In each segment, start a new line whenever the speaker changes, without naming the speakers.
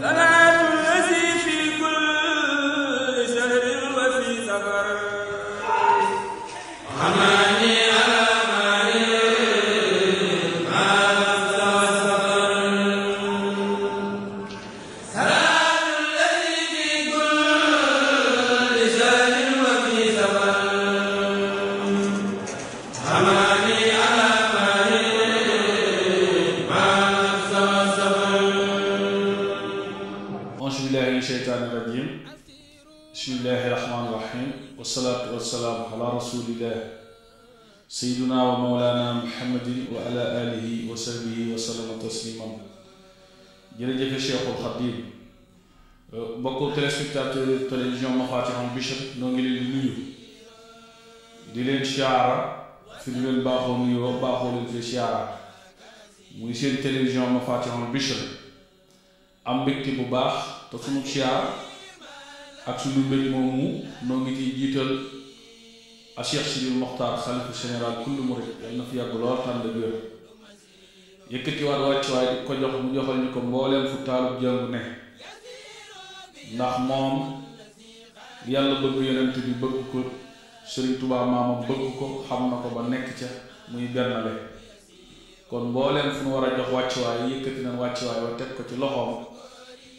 salaam
rasulillah sayyiduna wa mawlana muhammadin wa ala alihi wa sahbihi wa sallama tasliman jërëjëfe cheikhul xadim bokk téléspectateur télévision Mafatihul Bichri noo ngi leen di nuyu di leen siyaara fi ñu leen baaxoo nuyoo baaxoo leen fi siyaara muy seen télévision Mafatihul Bichri am mbégte bu baax te sunu siyaar ak sunu mbég moomu noo ngi ciy jiital a Cheikh Sidil Mokhtar xalifu général kullu murid yal na fi yàgg lool tànn bi wér yëkkatiwaat wàccuwaay di ko jox mu joxal ñu ko mbooleem fu taalub jàngu ne ndax moom yàlla bëgg yonent ko ba nekk ca muy bennale kon mbooleem fu nu war a jox wàccuwaay yëkkati nañ wàccuwaay wa teg ko ci loxoom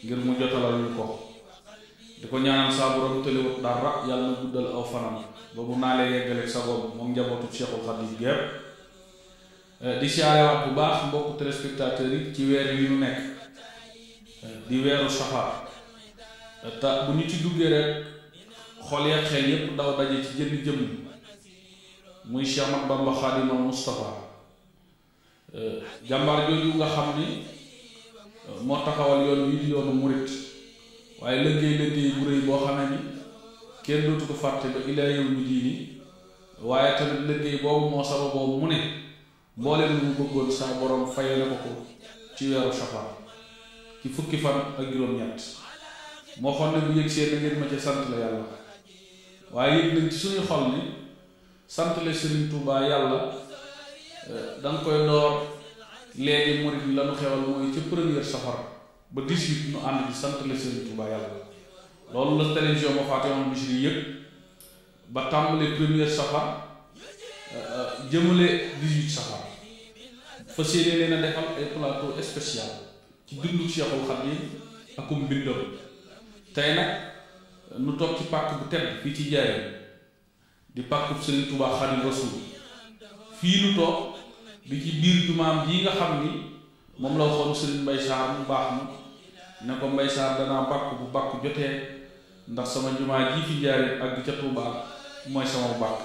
ngir mu jotalal ñu ko di ko ñaanal saa borom dara yàlla na guddal aw fanam boobu naa lay yeggale sa bopp moom njabootu Cheikhul Khadim gépp eh, di siyaarewaat bu baax mbokk téléspectateurs yi ci weer yu ñu nekk eh, di weeru safar eh, te bu ñu ci duggee rek xol ya xel yépp daw daje ci jënd jëm muy Cheikh Ahmad Bamba Khadimul Moustapha jàmbaar jooju nga xam ni moo taxawal yoon wi di yoonu murit waaye lëggéey lëggéey bu rëy boo xamee ni kenn dootu ko fàtte ba ilaa yow mi diini waaye tamit liggéey boobu moo saba boobu mu ne mbooleem lu mu bëggoon saa borom fayale ko ko ci weeru safar ci fukki fan ak juróom-ñett moo xam ne bu yëgsee na ngeen ma ca sant la yàlla waaye yëg nañ ci suñu xol ni sant la Sëriñ Tuubaa yàlla eh, danga koy door léegi murit la nu xewal mooy ca première safar ba 18 nu ànd ci sant la Sëriñ Tuubaa yàlla loolu la télévision moo faate moom bichri yëpp ba tàmbali première safar euh, jëmale dix safar fas yéene leen a defal ay plateau spécial ci dundu Seexul Xadiim akum mbindam tey nag euh, nu toog ci pàkk bu tedd fii ci jaayam di pàkkub Sëriñ Tuubaa Xaadimu Rasuul fii nu toog di ci biir jumaam yi nga xam ni moom la waxoon Sëriñ Mbay Saar mu baax ma ne ko Mbay Saar danaa bàkk bu bàkk jotee ndax sama jumaa ji fi jaaree ak ca Touba mooy sama bàkk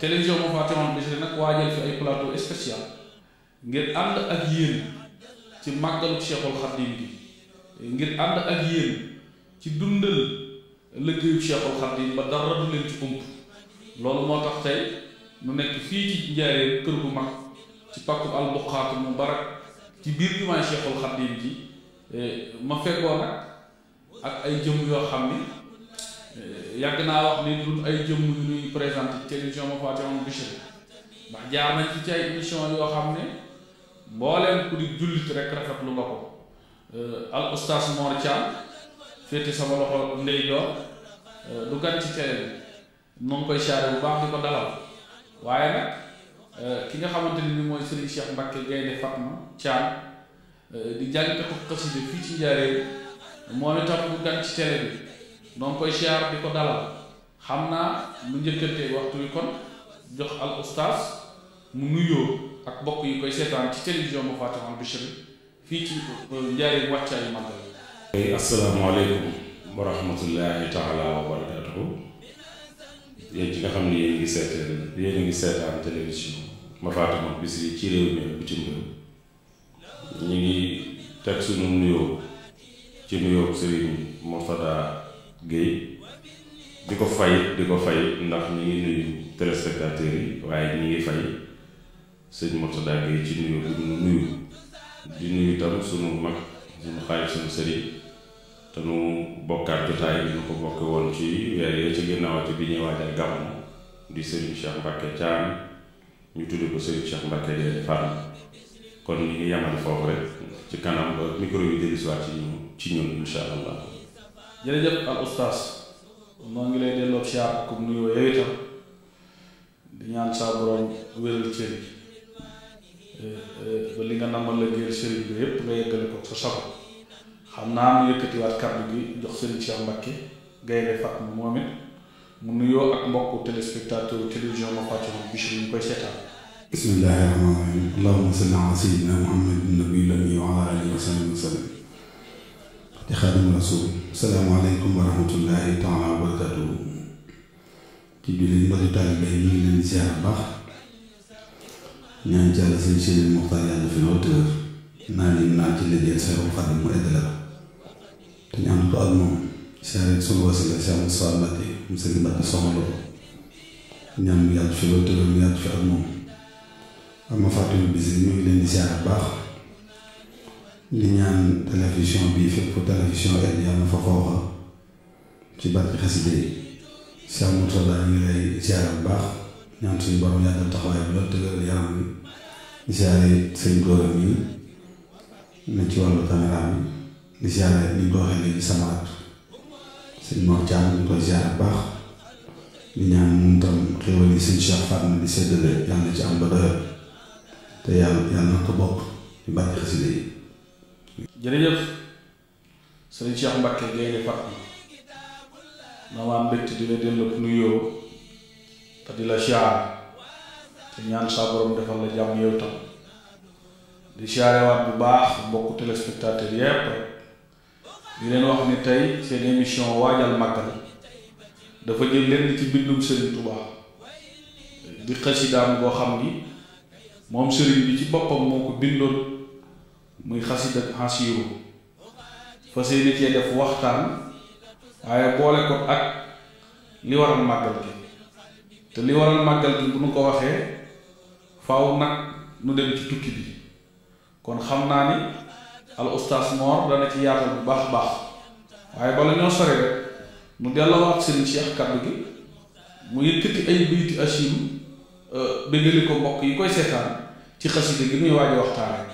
télévision moo faa teewoon bi nag waajal fi ay plateau spécial ngir ànd ak yéen ci màggalu Cheikhul Khadim bi ngir ànd ak yéen ci dundal liggéeyu Cheikhul Khadim ba dara du ci ump loolu moo tax tey nu nekk fii ci njaaree kër gu mag ci pàkku albuqaatu mu barak ci biir jumaa Cheikhul Khadim ji eh, ma fekkoon nag ak ay jëmm yoo xam ne eh, yàgg naa wax ni du ay jëmm yu ñuy présenté ci télévision ma faate moom bichri ndax jaar nañ ci ci ay émission yoo xam ne mbooleen ku di jullit rek rafet lu nga ko eh, al oustaz Mor Thiam féete sama loxo ndeyjoor eh, du gan ci télé bi mu koy saare bu baax di ko dalal waaye nag ki nga xamante ni mooy Serigne Cheikh Mbacke Gaynde Fatma Thiam di jàngkatu xasida fii ci njaaree moom itam bu gan ci télé bi donc koy siyaar di ko dalal xam naa lu njëkkante waxtu wi kon jox al ustaas mu nuyoo ak bokk yi koy seetaan ci télévision bu Mafatihul Bichri fii ci njaari
wa rahmatullahi taala wa barakatuhu ci nga xam ne yéen ngi seetaan yéen ngi seetaan ci réew ñu ngi teg sunu nuyoo ci nuyoo Serigne Mourtada Guèye di ko fay di ko fay ndax ñu ngi nuyu yi waaye ñi ngi fay sëñ Mourtada Guèye ci nuyoo bi mu nuyu di nuyu tam sunu mag sunu xaalis sunu sëriñ te nu bokkaat jotaay bi ñu ko bokke woon ci weer yee ci ginnaaw ci bi ñuy waajal gàmmu di sëriñ Cheikh Mbacke Thiam ñu tudd ko sëriñ Cheikh Mbacke Diène Fall kon ñu ngi yamal foofu rek. ci kanam ba micro yi ci ñun ci ñun incha allah.
jërëjëf al oustaz moo ngi lay delloo siyaar comme nuyoo yow itam di ñaan saa borom wéral cër yi eh, eh, li nga namal la géer sëriñ bi yépp nga yeggale ko sa sago xam naa mu yëkkatiwaat kàddu gi jox sëriñ Cheikh Mbacké Gaynde Fatma moom it mu nuyoo ak mbokku téléspectateur télévision ma fàcce moom Bichri ñu koy seetaan bismillaahi rahmaani rahiim allahumma
salli ala sayyidina muhammadin nabiyil ummi wa ala aalihi wa sahbihi wa sallam di xaadimu rasuul salaamu aleykum wa rahmatullaahi taala wa barakaatuhu ci jullit mbokki taalibe yi ñu ngi leen ziar baax ñaan ci yàlla sëñ Sëriñ Muxtaar yàlla fi auteur naa leen naa ci liggéey Seexul Xaadim mu egg la te ñu am ko ak moom saare sunu wasila Cheikh Moustapha Mbacké mu sëriñ Mbacké soxna Lo ñaan mu yàgg fi loolu te mu yàgg fi ak moom ma fàttali bis yi ñu ngi leen di siyaar baax li ñaan télévision bi fépp télévision El Yàlla fa xooxa ci barke xasida yi Cheikh Mourtada ngi lay siyaar baax ñaan suñu borom yàggal taxawaay bi loolu dëggal yaram bi yi na ci wàllu caméra bi di siyaare ni ko waxee léegi sama at sëñ Mor Thiam ñu koy siyaar baax di ñaan moom tam xéwal yi sëñ Cheikh Fatma di séddale yàlla ci am ba doyal te yàlla yàlla na ko bokk ci barke xasida yi
jërëjëf sëriñ Cheikh Mbacke Gaynde Fatma ma waa mbégte di la delloo nuyoo te di la siyaar te ñaan saa defal la jàmm yow tam di siyaarewaat bu baax mbokku téléspectateur yépp di leen wax ni tey seen émission waajal màggal dafa jël lenn ci bindum Sëriñ Tuubaa di xasidaam boo xam ni moom sëriñ bi ci boppam moo ko bindoon muy xasid ak xasiiru fa seen cee def waxtaan waaye boole ko ak li waral màggal gi te li waral màggal gi bu nu ko waxee faw nag nu dem ci tukki bi kon xam naa ni al ustaas Mor dana ci yaatal bu baax baax waaye bala ñoo sore rek nu delloo wax sëriñ Cheikh kaddu gi mu yëkkati ay biiti asiiru euh, bëggale ko mbokk yi koy seetaan ci xasida gi muy waaj a waxtaane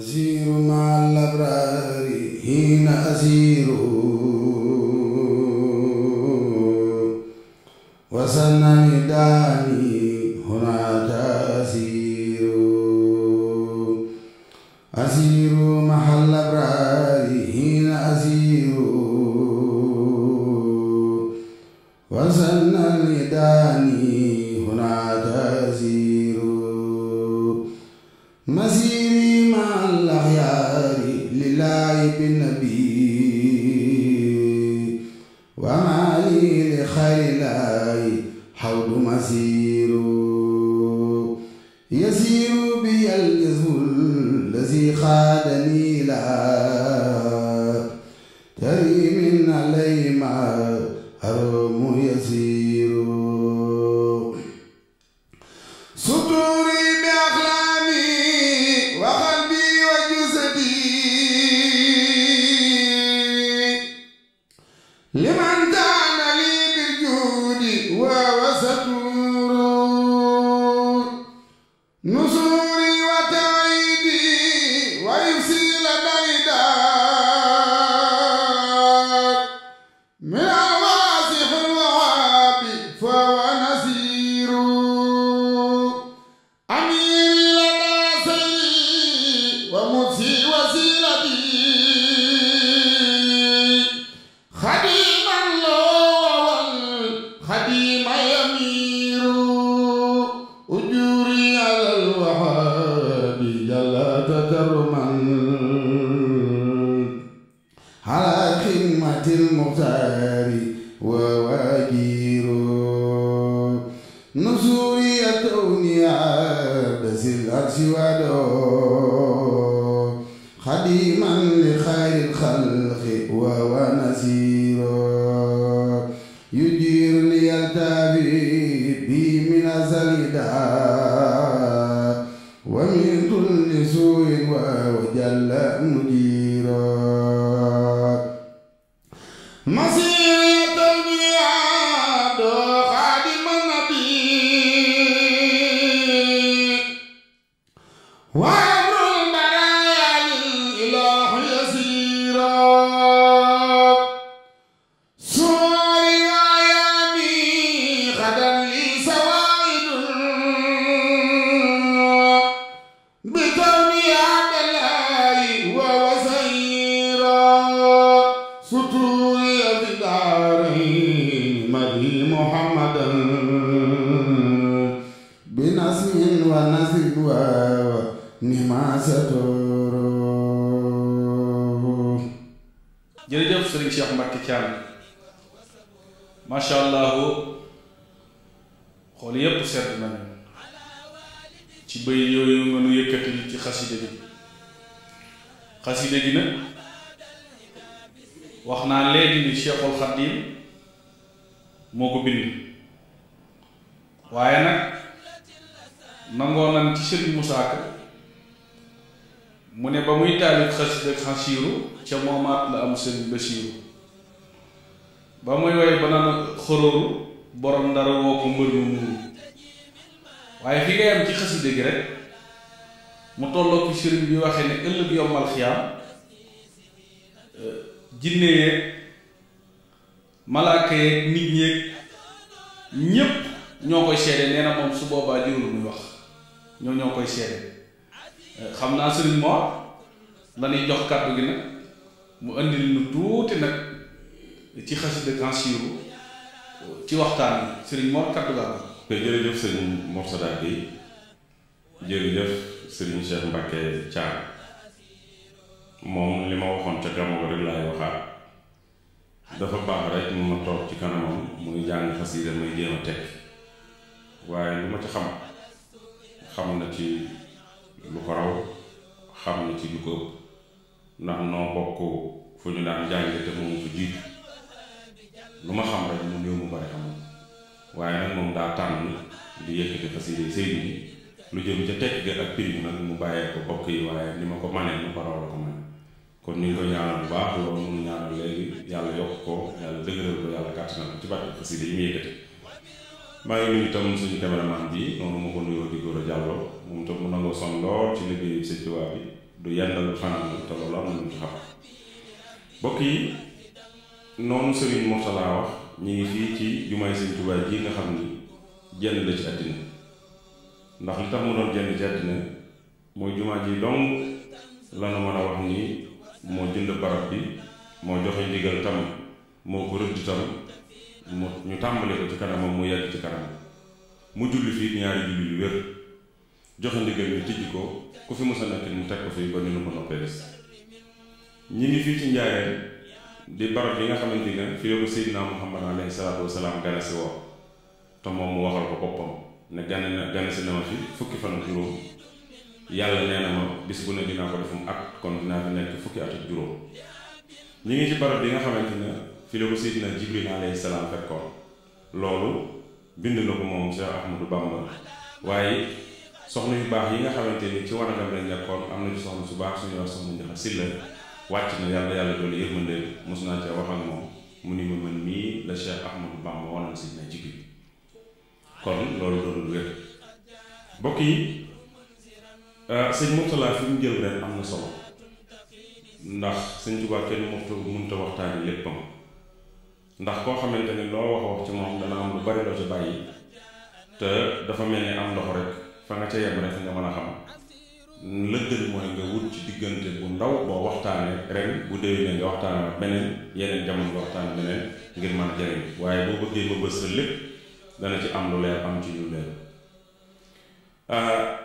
asiiru maa labraari hiina asiiru wasanani daani hunaata asiiru asiiru
waaw
ci waxtaan bi Serigne Mor kaddu gaa
ko jërëjëf Serigne Mor Sada bi jërëjëf moom li ma waxoon ca gamoo rek laay waxaat dafa baax rek mu ma toog ci kanamam muy jàng xasida may jéem a teg waaye lu ma ci xam xam na ci lu ko raw xam na ci lu ko ëpp ndax noo bokk fu ñu daan jànge te moomu fa jiitu lu ma xam rek moom yow mu bari xamul waaye nag moom daa tànn di yëkkati xasida sëriñ bi lu jëm ca tekk ga ak prix nag mu bàyyee ko bokk yi waaye ni ma ko manee mu ko raw la man kon ñu ngi ko ñaanal bu ko ci barke xasida yi mu yëkkati maa ngi tam suñu cameraman bi noonu ma ko nuyoo di góor a jàlloo moom tam mu nangoo son ci liggéeyu sëñ Tuubaa bi du yendal fanaan te loolu am na lu ci xam mbokk yi noonu Serigne Mourtala wax ñu ngi fii ci jumaay Serigne Touba ji nga xam ni jenn la ci àddina ndax li tax mu jenn ci àddina mooy jumaa ji dong lana mën a wax ni moo jënd barab bi moo joxe ndigal tam moo ko rëdd tam mu ñu tàmbale ko ci kanamam mu yàgg ci kanam mu julli fii ñaari julli yu wér joxe ndigal ñu tijj ko ku fi mës a nekk mu teg ko fii ba ñu nu ko noppee ñi ngi fii ci njaareel di barab yi nga xamante ne fi la ko Seydina Muhammad alayhi salaatu ganasi woo te moom mu waxal ko boppam ne ganasi na ma fi fukki fan ak juróom yàlla nee na ma bis bu ne dinaa ko defum at kon dinaa fi nekk fukki at ak juróom ñu ngi ci barab yi nga xamante ne fi la ko Seydina Jibril alayhi salaam fekkoon loolu bind na ko moom Cheikh Ahmadou Bamba waaye soxna yu baax yi nga xamante ni ci wanagam lañ nekkoon am na ci soxna su baax suñu wax soxna wàcc na yàlla yàlla doolu yërmande mos naa cee wax ak moom mu ni ma man mii la Cheikh Ahmadou Bamba wanoon si na jibi kon loolu doonul wér mbokk yi euh, sëñ Mourtala fi mu jël ren am na solo ndax sëñ Tuubaa kenn moxtu mënta waxtaani léppam ndax koo xamante ni loo wax wax ci moom dana am lu bari loo ci bàyyi te dafa mel ni am ndox rek fa nga ca yem rek nga mën a xam lëkkali mooy nga wut ci diggante bu ndaw boo waxtaanee ren bu déwénee nga waxtaan ak beneen yeneen jamono nga waxtaan beneen ngir mën a jëriñ waaye boo bëggee ba bës sa lépp dana ci am lu leer am ci lu leer ah,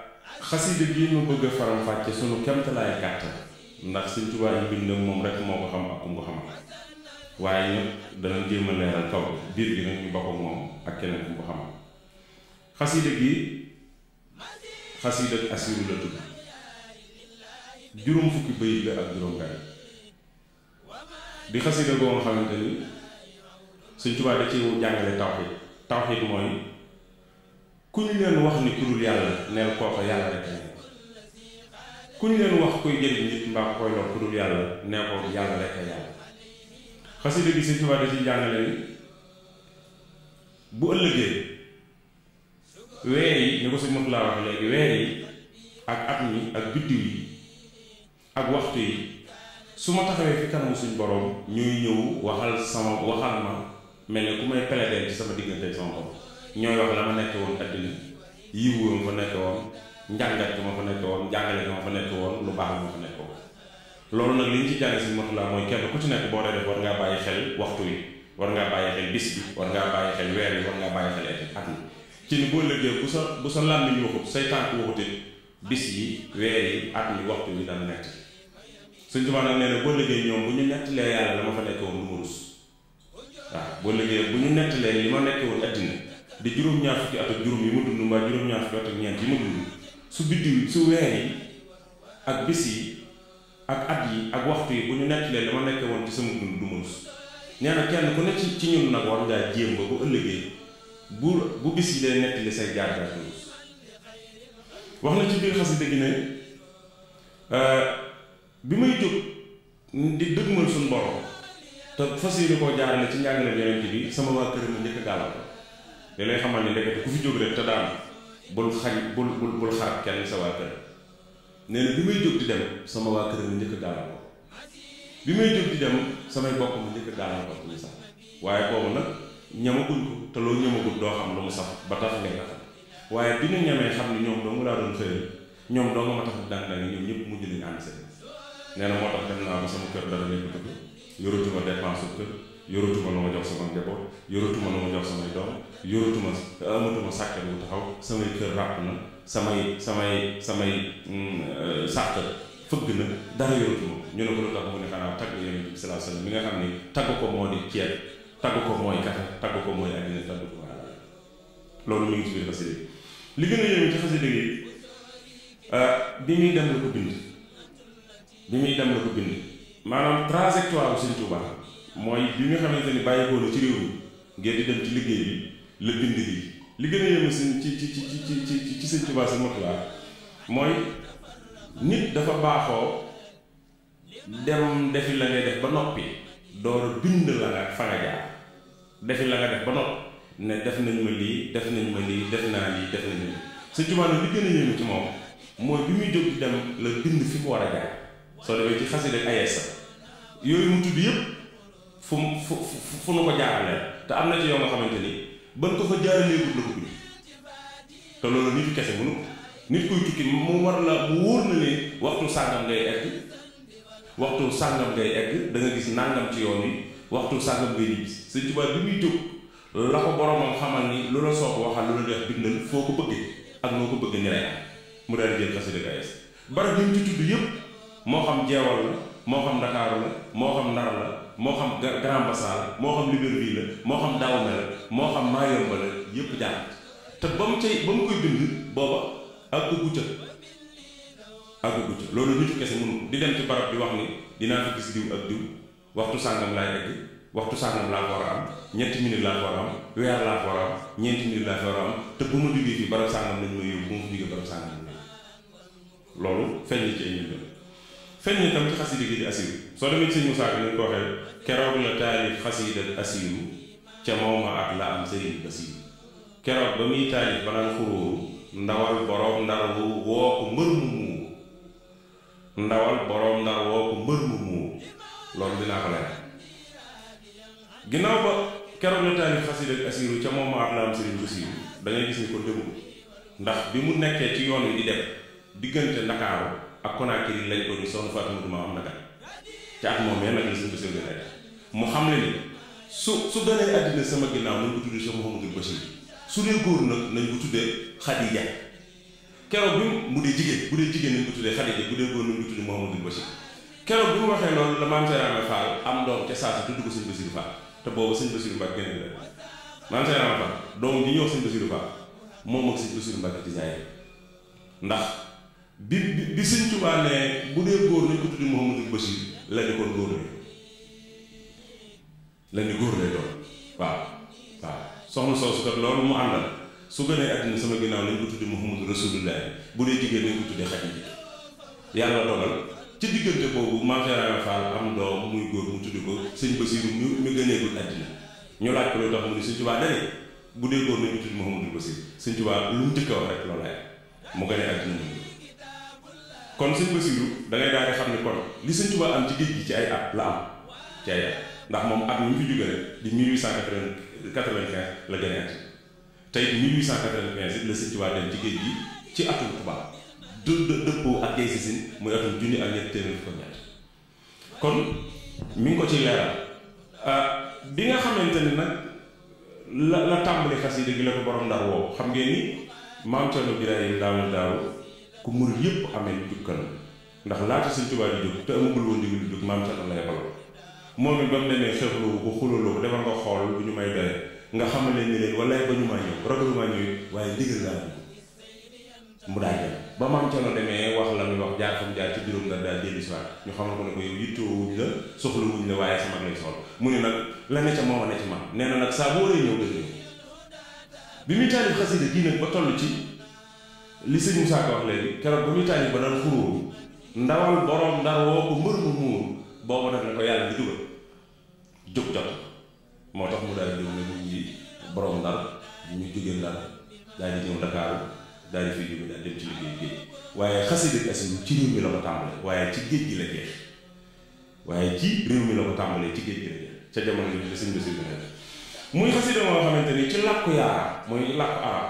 xasida gi nu bëgg a faram-fàcce sunu kemtalaay kàttan ndax Sëñ Tuubaa yi bind moom rek moo ko xam ak ku ko xamal waaye ñëpp dana jéem a leeral kaw biir gi nag ñu bokk moom ak keneen ku ko xamal xasida gi xasida asiru la tudd juróom fukki bayit la ak juróom gaañ di xasida goo nga xamante ni Sëñ Tuubaa da ci jàngale tawxiid tawxiid mooy ku ñu leen wax ni ku dul yàlla neel kooka yàlla rek ku ñu leen wax koy jëriñ nit mbaa koy lor ku dul yàlla nee ko yàlla rek a yàlla xasida gi Sëñ Tuubaa ci jàngale ni bu ëllëgee weer yi ko sëñ Moussa laa wax léegi weer ak at mi ak biddiw yi ak waxtu yi su ma taxawee fi kanamu suñ borom ñuy ñëw waxal sama waxal ma mel ne ku may plaider ci sama diggante sama bopp ñooy wax la ma nekk woon addina yiwu ma fa nekk woon fa nekk woon lu baax ma fa nekk woon loolu nag li ñu ci jàng si matulaa mooy kenn ku ci nekk boo dee def war ngaa bàyyi xel waxtu yi war ngaa bàyyi xel bis war ngaa bàyyi xel weer yi war ngaa bàyyi xel at yi ci ni boo lëggee bu sa bu sa làmmiñ waxut say tànk bis yi weer yi at mi waxtu yi dana nett suñ tubaab nag nee na boo liggéey ñoom bu ñu nettalee yàlla la ma fa nekk woon du ma waaw boo liggéey bu ñu nettalee li ma nekk woon addina di juróom-ñaar fukki at juróom yi mu dund mbaa juróom-ñaar fukki at ñeent yi mu dund su biddiw su weer yi ak bis yi ak at yi ak waxtu yi bu ñu nettalee li ma nekk woon ci sama dund du ma rus na kenn ku ne ci ñun nag war ngaa jéem ba bu ëllëgee bu bu bis wax na ci biir xasida gi ne euh, bi may jóg di dëgmal suñu borom te fas yéene koo jaarale ci njàngale yonent bi sama waa kër ma njëkk a gàllal ne ndekete rek te daan bul xañ bul sa waa kër sama waa kër ma njëkk a bi may jóg di dem samay bokk ma njëkk a gàllal ko bu ñu sax waaye boobu nag ñamaguñ ko te loo ñamagul doo xam lu mu sax ba tax ngay waaye bi ñu ñamee xam ne ñoom dong laa doon fëyal ñoom dong ma tax daan daan ñoom ñëpp mujj nañu ànd seen nee na moo tax dem naa ba sama kër dara nekk dëgg yoratuma dépense kër yoratuma lu ma jox sama njaboot samay doom yoratuma amatuma sàkket bu taxaw samay kër ràpp na samay samay mm, euh, sàkk fëgg na dara yoratuma ñu ne ko lu tax mu ne xanaa tagg yonent bi salaa sallam mi nga xam ne tagg ko moo di ceeb tagg ko mooy kafe tagg ko mooy àddina tagg ko loolu mi ngi li gën a yéeme ci xasida gi euh, bi muy dem la ko bind bi muy dem la ko bind maanaam trajectoire bu Sëñ mooy bi nga xamante ni bàyyi koo ci réew mi ngeen di dem ci liggéey bi la bind gi li gën a yéeme sëñ ci ci ci ci ci ci Sëñ si motulaa mooy nit dafa baaxoo dem defi la ngay def ba noppi door a bind la nga fa nga jaar defi la nga def ba noppi ne def nañ ma lii def nañ ma lii def naa lii def nañ ma lii Sëñ Tuubaa nag li gën ci moom mooy bi muy jóg di dem la bind fi mu war a jaar soo demee ci xasida ak ayesa yooyu mu tudd yëpp fu fu fu nu ko jaaralee te am na ci yoo nga xamante ni ban ko fa jaaralee gudd la ko bind nit kese tukki mu war la mu wóor na ne waxtu sàngam ngay egg waxtu sàngam ngay egg da gis nàngam ci yoon yi waxtu sàngam ngay gis Sëñ Tuubaa bi muy jóg. la ko boromam xamal ni lu la soog waxal lu la def bindal foo ko bëggee ak noo ko bëggee ni lay am mu daal jël xasida ga yees barab yi mu ci tudd yëpp moo xam jeewal la moo xam ndakaaru la moo xam ndar la moo xam Grand Bassam la moo xam Libreville la moo xam Dahomey la moo xam Mayumba la yëpp jaar te ba mu cay ba mu koy bind booba ak gucca ak gucca loolu nitu kese mënu di dem ci barab di wax ni dinaa fi gis diw ak diw waxtu sàngam laay waxtu sàngam laa ko war a am ñetti minute laa ko war a am laa ko ñeenti minute laa ko te bu ma duggee fii barab sàngam lañ ma bu ma fa barab sàngam loolu feeñ na ci ay mbir feeñ na ci xasida soo demee ci sëñ Moussa bi ñu ko waxee keroog la taalif xasida asiru ca Mawma ak la am sëriñ Basiru keroog ba muy taalif ba naan ndawal boroom ndar woo ko mbër mu muur ndawal boroom ndar woo ko mbër mu muur loolu dinaa ko leer ginnaaw ba keroog la taalif xasida ak asiiru ca moom ma am naam sëriñ Basiiru da gis ni ko déglu ndax bi mu nekkee ci yoonu wi di dem diggante Ndakaaru ak Conakry lañ ko ni soxna Fatou am na kat ci at moom yéen nag la sëriñ Basiiru nekk mu xam ne ni su su gënee àddina sama ginnaaw nañ ko tuddee Cheikh Mouhamadou Bachir su dee góor nag nañ ko tuddee Khadija keroog bi mu dee jigéen bu dee jigéen nañ ko tuddee Khadija bu dee góor nañ ko waxee loolu la maam Serigne te boobu sëñ Bassirou Mbacke génn la maam Cheikh Ibra Fall doom bi ñëw sëñ Bassirou Fall moom ak sëñ Bassirou Mbacke ci ñaareel ndax bi bi sëñ Tuubaa ne bu dee góor nañ ko tuddi góor ne doon waaw waaw soxna soosu kat loolu mu àndal su gënee àddina sama ginnaaw nañ ko tuddi Mouhamadou Rasulullah bu dee jigéen nañ ko tuddi Xadija yàlla dogal ci diggante boobu maam Cheikh Fall am doom muy góor mu tudd ko sëñ Basiru mu mu gëneegul àddina ñu laaj ko lu tax mu ni sëñ Tuubaa dane bu dee góor nañu tudd Mouhamadou Basiru sëñ Tuubaa lu mu njëkk rek loolu mu gënee àddina mu kon sëñ Basiru da ngay daal di xam ne kon li sëñ Tuubaa am ci géej gi ci ay at la am ci ay at ndax moom at mi fi jóge rek di 1895 la gënee at tey 1895 la sëñ Tuubaa dem ci géej gi ci atum dund dëppoo ak Gaye Sissine muy atum junni ak ñetti téeméer ko ñett kon mi ngi ko ci leeral ah, bi nga xamante ni nag la la tàmbali xas yi dëgg la ko borom ndar woowu xam ngeen ni maam Cerno Birahim daawul daaw ku ndax laata Sëñ Tuubaa di la yebaloon moom it ba mu demee xeexloo ko xulaloo ko defal nga xool bu ñu may doyee nga xamal leen ni leen walaay ba ñu maa ñëw ragalu maa ñëw waaye ndigal laa mu daal dem ba maam Thierno demee wax la muy wax jaar fa mu jaar ci juróom ndar daal dellu si waat ñu xamal ko ne ko yow yittoo wuñ la soxla wuñ la waaye sama lay soxla mu la ne ca moo ne ci maam nee na nag saa boo lay ñëw dëgg bi muy taalif xasida gii nag ba toll ci li sëñ Moussa Ka wax léegi keroog ba ko mbër mu muur boobu nag ne ko yàlla di dugal jot moo tax mu daal di ndar ñu jógee ndar daal ñëw Dakar daal di fi jóge daal dem ci liggéey géej waaye xasida asim ci réew mi la ko tàmbalee waaye ci géej gi la jeex waaye ci réew mi la ko tàmbalee ci géej gi la jeex ca jamono bi la muy xasida moo xamante ni ci làkku yaara muy làkku arab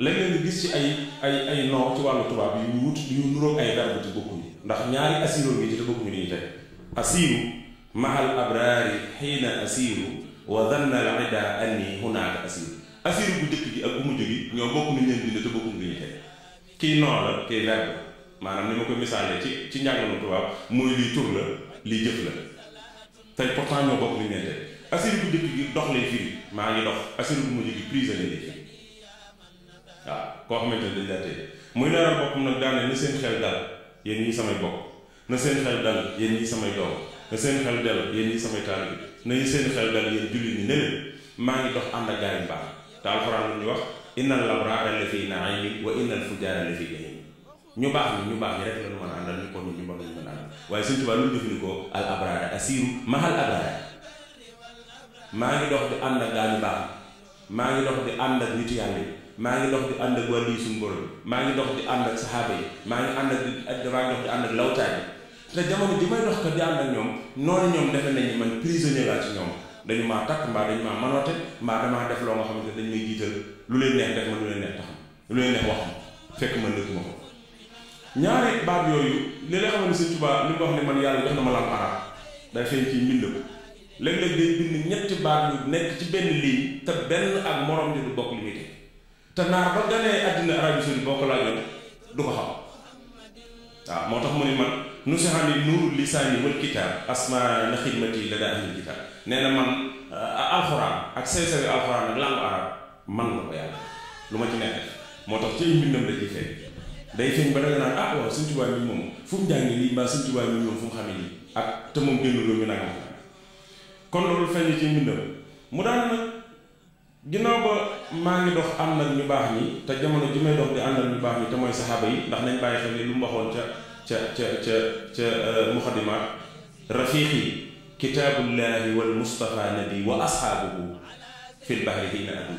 lañ leen gis ci ay ay ay ci wàllu tubaab yu wut yu nuróog ay verbe te bokkuñu ndax ñaari asiro ngi ci te bokkuñu nii tey asiru mahal abraari xiina asiru wa danna al ida anni hunaaka assur bu njëkk bi ak bu mujj bi ñoo bokk nañ leen bind te bokkuñ li ñu kii non la kii verbe la maanaam ni ma koy misaalee ci ci njàngalu tubaab mooy lii tur la lii jëf la tey pourtant ñoo bokk nañ leen teg assur bu njëkk bi dox lay firi maa ngi dox assur bu mujj bi prisonnier lay firi waaw koo xamante ne dañ laa tëj muy leeral boppam nag daanaka ni seen xel dal yéen ñi samay bokk na seen xel dal yéen ñi samay doom na seen xel dal yéen ñi samay taal na seen xel dal yéen ñi ne te alxuraan lu ñu wax innal abraara la fi naimin wa innal fujaara la fi jahim ñu baax ñi ñu baax ñi rek la ñu mën a ko ñu waaye Sëñ Tuubaa lu ñu jëfandikoo al maa ngi dox di ànd ak gaa ñu baax maa ngi dox di ànd ak nit yàlla yi maa ngi dox di ànd ak wàllu suñu borom maa ngi dox di ànd ak saxaaba yi maa ngi dox di ànd ak lawtaay te jamono ji may dox ko di ànd ak ñoom noonu ñoom defe nañu man prisonnier laa ci ñoom dañu maa takk mbaa dañu ma manoote mbaa damaa def loo nga xamante ne dañu may jiital lu leen neex def ma lu leen neex taxam lu leen neex wax ma fekk ma ko yooyu li nga yàlla jox na ma lam arab ba ganee àddina Arabie Saoudite boo ko moo tax mu ne man nu si xam ne nuuru lisaani wal kitaab na xidmati la daa amil kitaab nee na man euh, alxuraan ak sew alxuraan ak langue arabe man na ko yàlla lu ma ci nekk moo tax ci ay mbindam da ciy feeñ day feeñ ba da nga naan ah waaw suñ tubaab bi moom mbindam mu daan ginnaaw ba maa ngi dox ànd ak ñu baax ñi te jamono ji may dox di ànd ak ñu baax ñi te mooy saxaaba yi ndax nañ bàyyi xel ni lu mu waxoon ca ca ca ca ca euh, muxaddimaat yi kitaabullahi wal mustafa nabi wa ashaabuhu fil bahri hiina adu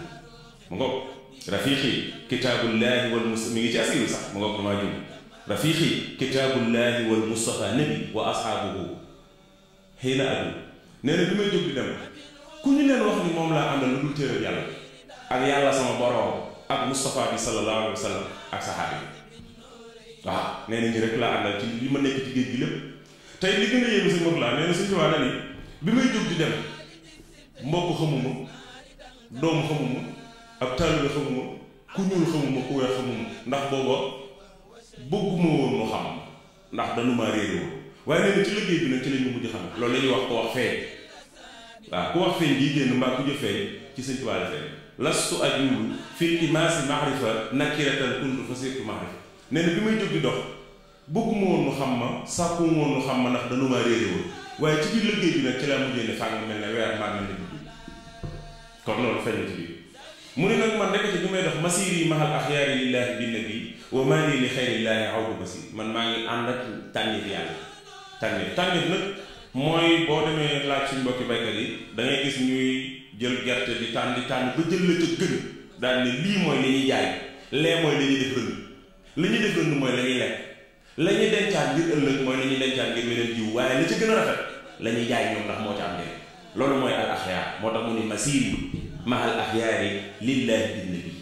mu ngoog rafiqi kitaabullahi wal mi ngi ci asiru sax mu ngoog damaa jum rafiqi kitaabullahi wal na bi waaw nee na ñu rek laa àndal ci li ma nekk ci géej gi lépp tey li gën a yéeme sëñ Mawla nee na sëñ Tuubaa bi may jóg di dem mbokk xamuma doom xamuma ab taalibe xamuma ku ñuul xamuma ku weex xamuma ndax booba bëgguma woon mu xam ndax dañu maa réeré waaye nee na ci liggéey bi nag ci la ñu mujj xam loolu la ñuy wax ko wax feeñ waaw ku wax feeñ di génn mbaa ku jëf feeñ ci sëñ Tuubaa la feeñ lastu ajuulu fi imaasi maxrifa nakiratan fa sirtu maxrifa nee na bi may jóg di dox bëgguma woon mu xam ma sàkkuma woon nu xam ma ndax dañu maa réeré woon waaye ci biir bi nag ci laa mujjee ne fàng mel ne weer maa mel ne bi kon loolu feeñ ci biir mu ne nag man rek ci bi may dox masiri mahal axyaari lillahi bi nabi wa maa li xayrillaahi awdu basir man maa ngi ànd ak tànnit yàlla tànnit tànnit nag mooy boo demee laaj suñ mbokki baykat yi da ngay gis ñuy jël gerte di tànn di tànn ba jël la ca gën daal ne la ñuy dencaat ngir ëllëg mooy la ñuy dencaat ngir weneen jiw waaye li ci gën a rafet la ñuy jaay ñoom ndax moo ci am njëriñ loolu mooy al moo tax mu ni masir mahal axyaari lillahi binnabi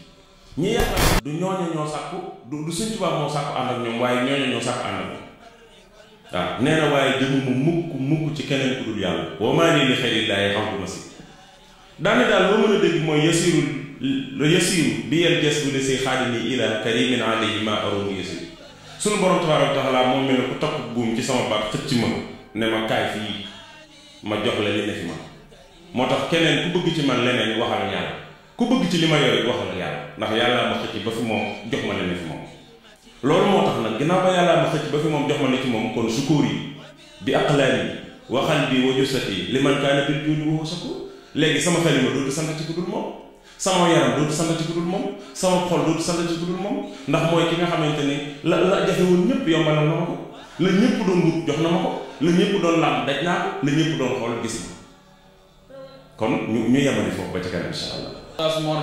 ñi yàlla du ñooñu ñoo sàkku du du Sëñ moo sàkku ànd ak ñoom waaye ñooñu ñoo sàkku ànd ak ñoom waaw nee na waaye jëmu mu mukk mukk ci keneen ku dul yàlla wa maa li xayrillaahi xamdu ma si daane daal loo mën a dégg mooy yasiru yasiru bi yel ges bu de sunu borom tabaaraka wa taala moom mel ne ku takk buum ci sama baat xëcc ma ne ma kaay fii ma jox la moo tax keneen ku ci man leneen waxal yàlla ku bëgg ci li ma yore waxal yàlla ndax yàlla ma xëcc ba fi moom jox ma leneen fi moom loolu moo tax nag ginnaaw ba yàllaa ma xëcc ba fi moom jox ma ne ci moom kon sukkuur yi bi aqlaal yi waxal bi wajusat yi li man kaana bil juudi wa sakuur léegi sama xel ma dootu sant ci ku dul moom sama yaram dootu sant ci ku moom sama xol dootu sant ci ku moom ndax mooy ki nga xamante ni la la jafe woon ñëpp yombalal na ma ko la ñëpp doon jox na ma ko la ñëpp doon làmb daj naa ko la ñëpp doon xool gis na kon ñu ñu yemali foofu ba ci kanam incha allah.
Oustaz Mor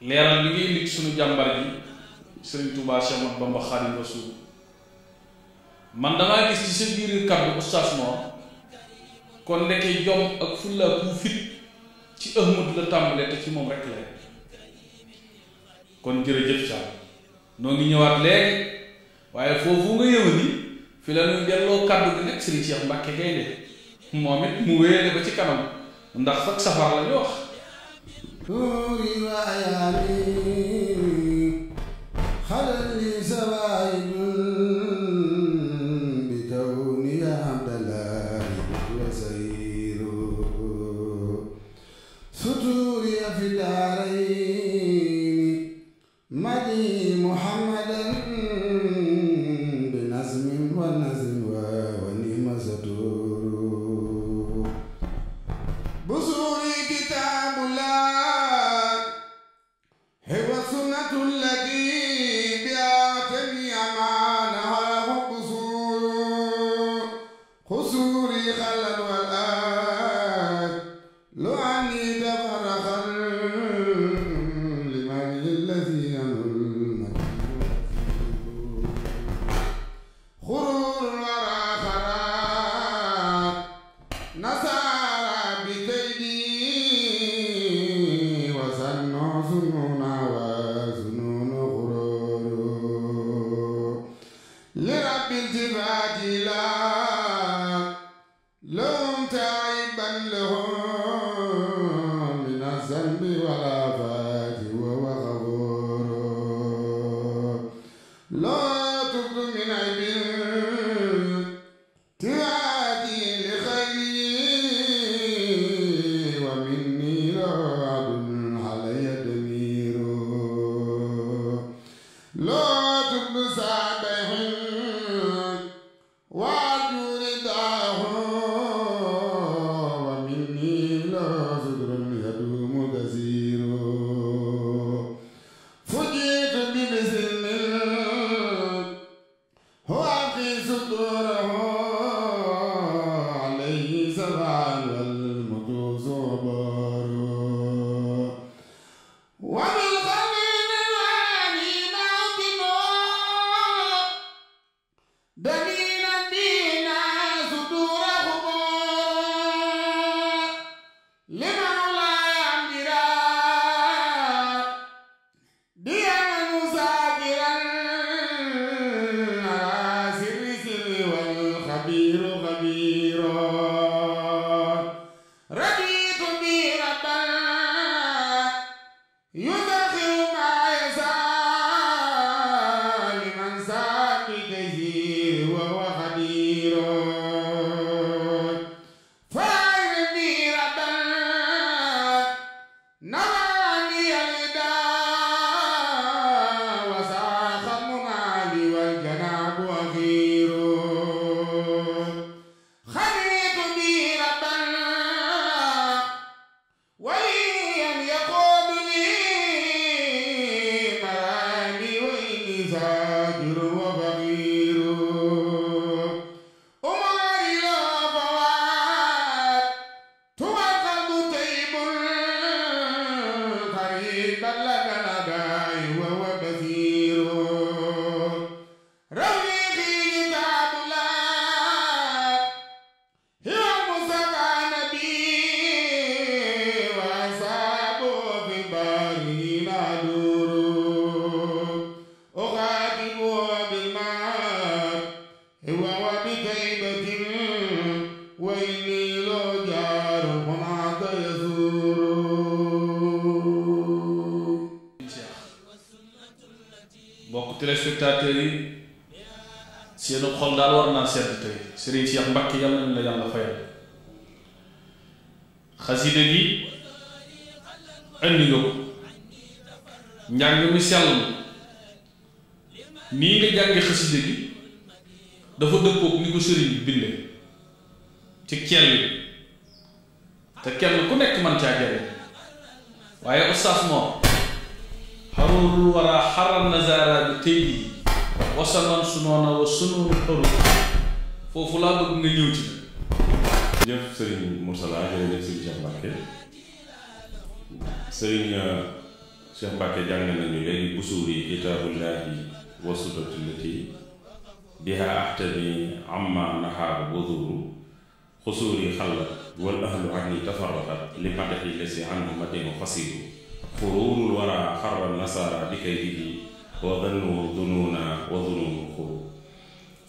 leeral bi ngay indi suñu jàmbar ji Serigne Touba Cheikh Ahmadou Bamba Khadimu Rasuul man damaa gis ci sa biir kàddu Oustaz Mor. kon ndeke jom ak fulla bu fit ci Ahmad la tàmbalee te ci moom rek la kon jërëjëf Thiam noo ngi ñëwaat léegi waaye foofu nga yëw ni fi la ñu delloo kàddu gi nag Serigne Cheikh Mbacke Gaynde moom it mu wéyale ko ci kanam ndax fag safar la wax la Mbacke yàlla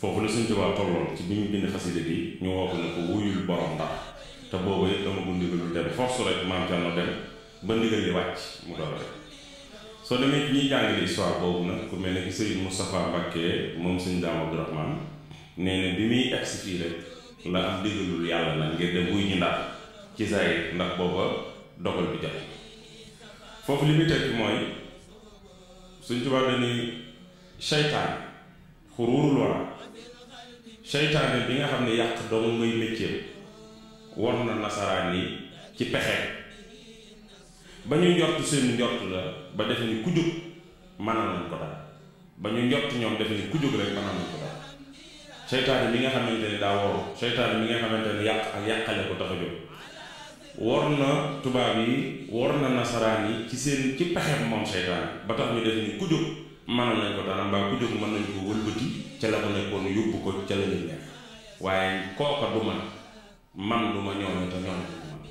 foofu la suñ tubaab tolloon ci bi ñu bind xasida bi ñu woo ko ne ko wuyul borom ndax te boobu it amagul ndigal lu dem force rek maam Thierno dem ba ndigal wàcc mu door rek soo demee ñuy jàngale histoire boobu nag ku mel ne ki Serigne Moustapha Mbacké moom suñ Daam Abdourahmane nee na bi muy agsi la am ndigalul yàlla la ngir dem wuy ñu ndax ci say ndax booba dogal bi jot foofu li muy mooy suñ tubaab dañuy seytaan xuruurul wara seytaane bi nga xam ne yàq doomu muy métier war na nasaraan yi ci pexe ba ñu njort seen njort la ba defe ni ku jóg ba ñu njort ñoom defe ni ku jóg bi nga xamante ne daa waru bi nga xamante yàq ak yàqale ko tax a jóg na tubaab yi war na nasaraan yi ci seen ci pexem moom ko daal mbaa ku mën nañ ko wëlbati ca la mu nekkoon yóbbu ko ca la ñuy nekk waaye kooka du man man du ma ñooñu te ñooñu du man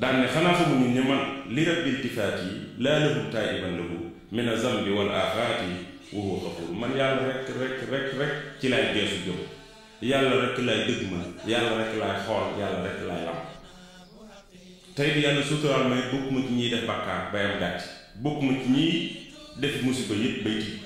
daan ne xanaa xamuñu ne man li rabbi iltifaat yi laa lahu taayiban lahu min a zambi wal aafaat yi wa huwa man yàlla rek rek rek ci lay geesu jëm yàlla rek lay dëgg ma yàlla rek lay xool yàlla rek lay lam tey bi yàlla suturaal may bokk ma ci ñiy def bàkkaar bayam gàcc bokk ma ci ñiy def musiba yëpp bay tiit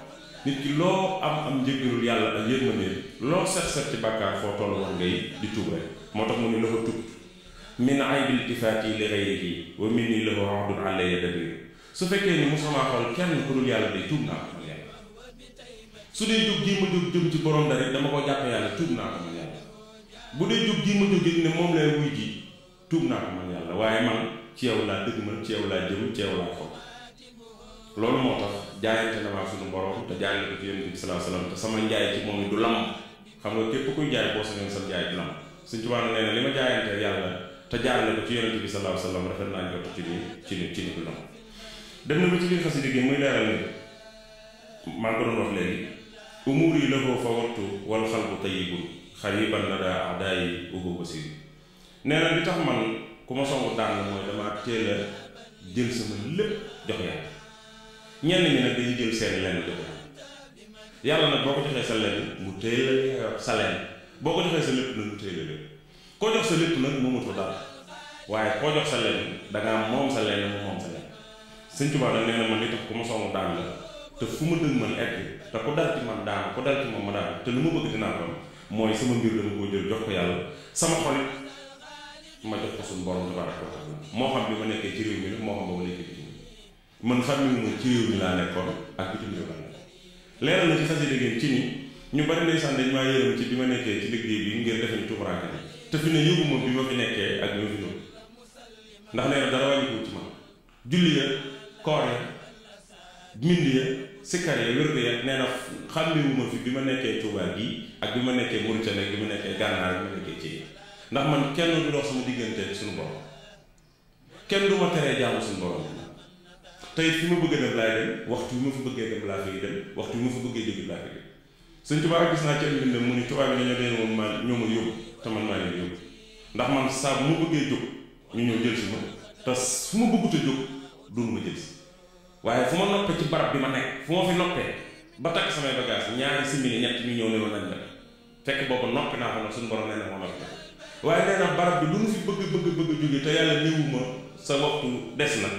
nit ki loo am am njëggalul yàlla ak yërmandeel loo set set ci bàkkaar foo toll wax ngay di tuub rek moo tax mu ne na ko tub min aybil tifaati li ghayrihi wa minni lahu ahdun alayya dabir su fekkee ni mu sama xol kenn ku dul yàlla day tuub naa ko man yàlla su dee jug gii ma jóg jëm ci borom da rek dama ko jàpp yàlla tuub naa ko man yàlla bu dee jug gii ma jóg it ne moom lay wuy ji tuub naa ko man yàlla waaye man ci laa dëgg man loolu moo tax jaayante na maa suñu borom te jaay na ko ci yonent bi salaa salaam te sama njaay ci moom du lam xam nga képp kuy jaay boo sa njaay du li ma jaayante yàlla te jaar na ko ci yonent bi salaa salaam rafet naa njort ci ni ci ni ci ni du lam dem na ba ci biir xasida gi muy leeral ni maa ngi ko doon wax léegi yi la ko fa wattu wal xal bu tayibul xariban la daa ah daa yi ubu basir nee na li tax man ku ma songu daan mooy damaa a jël sama lépp jox ñenn ñi nag dañuy jël seen lenn di ko sa lenn mu téye la sa lenn ko joxee sa lépp nag koo jox sa lépp nag moomatul dara waaye koo sa lenn tax moom ma daan te ma bëgg dinaa ko mooy sama mbir dama ma jox ko suñu borom moo xam bi ma nekkee ci mi nag moo xam ba ma nekkee ci man xamee moom ci réew mi laa nekkoon ak bitim réew laa nekkoon leeral na ci xasida gi ci ni ñu bari ndeysaan dañ maa yërëm ci bi ma nekkee ci liggéey bi ngeen defe ni tumuraanke bi te fi ne yóbbu ma bi ma nekkee ak ma fi ñëw ndax leeral dara wàññiku gii ak bi ma nekkee Mauritanie bi ma nekkee Gànnaar bi ma nekkee ci ndax man kenn du dox sama diggante suñu borom kenn du ma teree jaamu suñu borom tey fi ma bëgg a dem laay dem waxtu bi ma fa bëggee dem laa fay dem waxtu bi ma fa bëggee jóge laa fay dem sëñ ci am mbindam mu ne tubaab yi dañoo ndax man saa bëggee jóg ñu ñëw jël si ma te fu ma barab bi ma nekk fu ma fi noppee ba takk samay bagage ñaari simili ñett ñu ñëw ne ma nañ la fekk boobu noppi naa ko nag suñu borom nee na ma noppi waaye nee barab bi lu mu fi bëgg bëgg bëgg jóge te yàlla néewu sa waxtu des na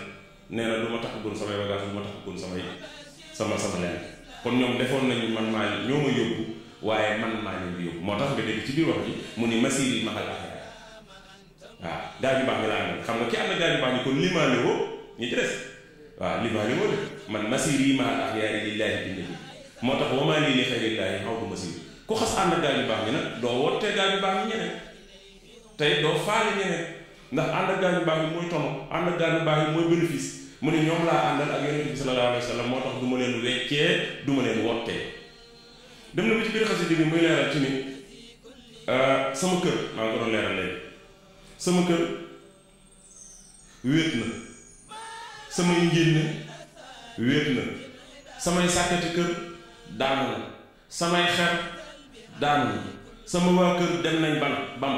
nee na lu ma tax gun samay bagage lu ma tax gun samay sama sama leen kon ñoom defoon nañu man maa ñoo ma yóbbu waaye man maa leen di yóbbu moo tax nga dégg ci biir wax mu ni masir yi maxal axira waaw daaju baax nga laa nga xam nga ki am na baax ni kon limaale woo ñi ci des waaw limaale woo de man masir yi maxal axyaari lillaahi bindi bi moo tax wamaa lii li xayrillaahi xaw du masir ku xas ànd ak baax ñi nag doo wottee daaju baax mu ne ñoom laa àndal ak yonent bi sallallahu alayhi wa sallam moo tax du ma leen weccee du leen wottee dem na mi ci biir xasida bi muy leeral ci ni euh, sama kër maa ngi leeral léegi sama kër daanu na sama waa kër dem nañ ban bam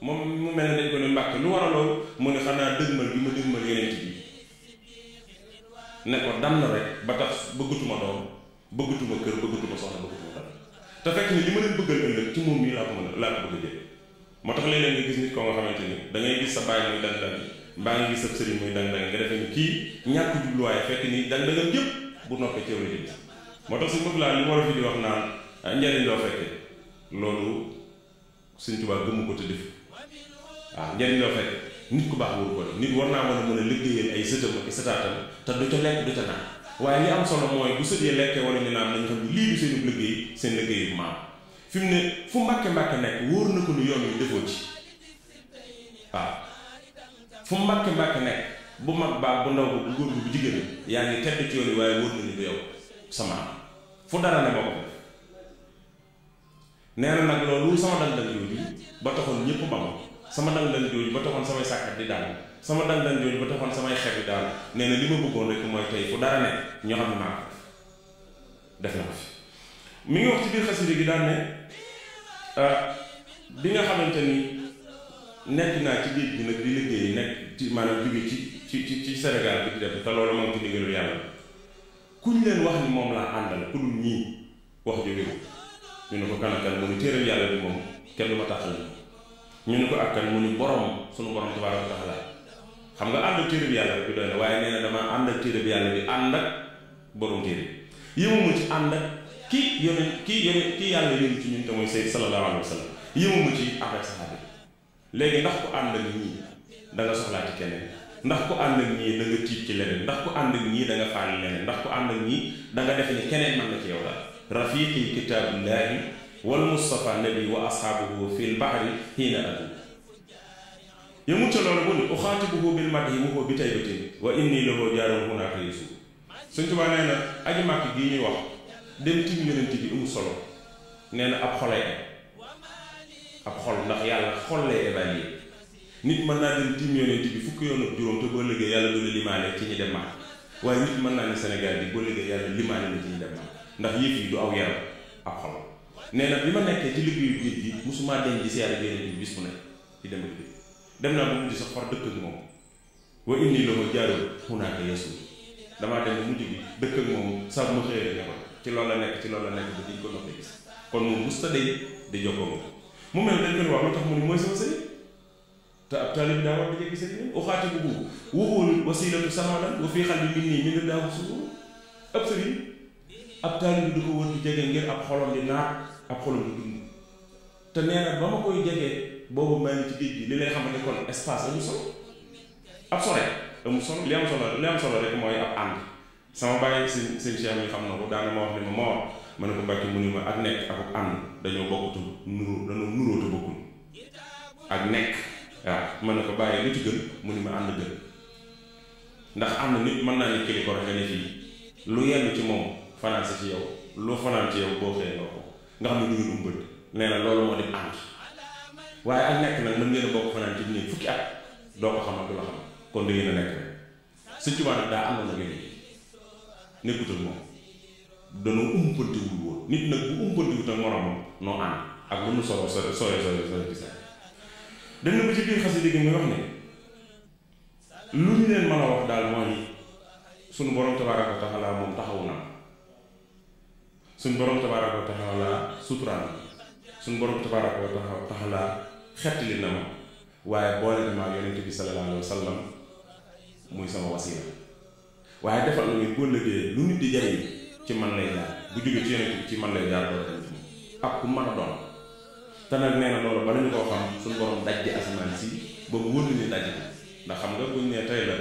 mu mel ne dañ ko ne mbàkk lu war a loolu mu ne xanaa dëgmal bi ma dëgmal yeneen bi ne ko dam na rek ba tax bëggatuma doom bëggatuma kër bëggatuma soxna bëggatuma dara te fekk ni li ma leen bëggal ëllëg ci moom mii laa ko mën a laa ko bëgg a jël moo tax kii ñàkk jubluwaay fekk ni dang dangam yëpp bu noppee ceew la jëm a fi ah, ko te def waaw ah, njariñ loo fekkee nit ku baax waru ko def nit war naa mën a mën a ay sëtam ak sëtaatam te du ca lekk du ca naan waaye li am solo mooy bu sët yi lekkee wala ñu naan nañ xam ne lii du seen liggéey seen liggéeyu maam fi ne fu mbàkke mbàkke nekk na ko ni yoon wi defoo ci waaw bu mag baa bu ndaw bu góor bu jigéen yaa ngi tedd ci yoon yi waaye wóor na ni du yow sama am fu dara ne ba ko nee na nag loolu sama dal dal jooju ba toxoon ñëpp ba ma sama dal dal jooju ba taxoon samay sàkkat di daal sama dang-dang jooju ba taxoon samay xel yi daal nee na li ma bëggoon ñoo xam ne maa daan ne ah, bi nga xamante ni nekk naa ci géej gi nag di liggéey nekk ci maanaam jóge ci ci ci bi di def te loolu ma ngi ci ndigalu yàlla kuñ leen wax ni moom laa àndal ku dul ñii wax jóge ko ñu ne ko kanakan mu ni téeral yàlla bi moom kenn du ma taxal ñu ne ko akkan mu ni borom sunu borom tabaaraka taala xam nga ànd téere bi yàlla rek bi doy na waaye nee na dama ànd ak téere bi yàlla bi ànd ak borom téere bi yëmuma ci ànd ak ki yónent ki yónent ki yàlla yónni ci ñun te mooy Seyd sallallahu alayhi wa sallam yëmuma ci ànd ak saxaaba bi léegi ndax ku ànd ak ñii da nga keneen ndax ku ànd ak ñii da nga tiit ndax ku ànd ak ñii da ndax ku ànd ak ñii da nga def ni keneen mën na ci yow daal rafiqi kitaabullahi wal mustafa nabi wa ashaabuhu fil bahri xiina adu yemul ca loolu bi taybatin wa inni lahu jaarun hunaaka yuusuf suñ tubaa nee na aji màkk solo nee na ab xol ndax xol lay yàlla du la limaale ci ñi dem màkk waaye mën naa ne Sénégal ndax yëf yi du aw yaram ab xol nee na bi ma nekkee ci liggéeyu géej gi mosumaa denc di seere yonent bi bis mu ne di dem ak dem naa ba mujj sax far dëkk ak moom wa indi la ma jaarul xunaaka yeesu damaa dem ba mujj bi dëkk ak moom saa bu ma xëyee ne ko ci loolu ko noppee gis kon moom musta day di mu tax mu ni mooy sama sëriñ te ab taalib daa war di jege sëriñ uxaati bu buubu wuxoon wasilatu samanan wa fii xal bi min nii ñu ngi daaw suuf ab sëriñ ab taalib du ko wër di jege ngir ab xolom di naat ab xolom di dund te nee na ba ma koy jegee boobu maa ngi ci géej li lay xamante kon espace amul solo ab sore li am solo li am solo rek mooy ab ànd sama bàyyi seen seen cheikh mi xam na ko daana ma wax ne ma ma war ma ne ko bàcc mu ni ma dañoo bokkutu nuru mën na ko bàyyi lu ci gën mu ni ma ànd gën ndax ànd nit mën naa ne kilifa rek nga ne lu yenn ci moom fanaan si ci yow lu fanaan ci yow boo xëyee nga ko nga xam ne du ñu umbal nee na loolu moo di ànd waaye ak nekk nag mën ngeen a bokk fanaan ci néeg fukki at doo ko xam ak du la xam kon da ngeen nekk nag Sëñ Tuubaa nag daa am na ngeen nekkutal moom danoo umpantiwul woon nit nag bu umpantiwut ak moromam noo ànd ak lu mu solo sooyee sooyee sooyee ci sax dem na ba ci biir xasida gi muy lu ñu leen mën a wax daal mooy suñu borom tabaaraka wa moom taxawu na suñu borom tabaaraka wa taala suñu borom tabaaraka xettali na ma waaye boole na ma ak yonent bi sallallahu alayhi muy sama wasila waaye defal na muy boo liggéey lu nit di jariñ ci man lay jaar bu jóge ci yonent man lay jaar doo dem ak ku mën a doon te nag nee na loolu ba mu wóor ko ndax xam nga buñ ne tey la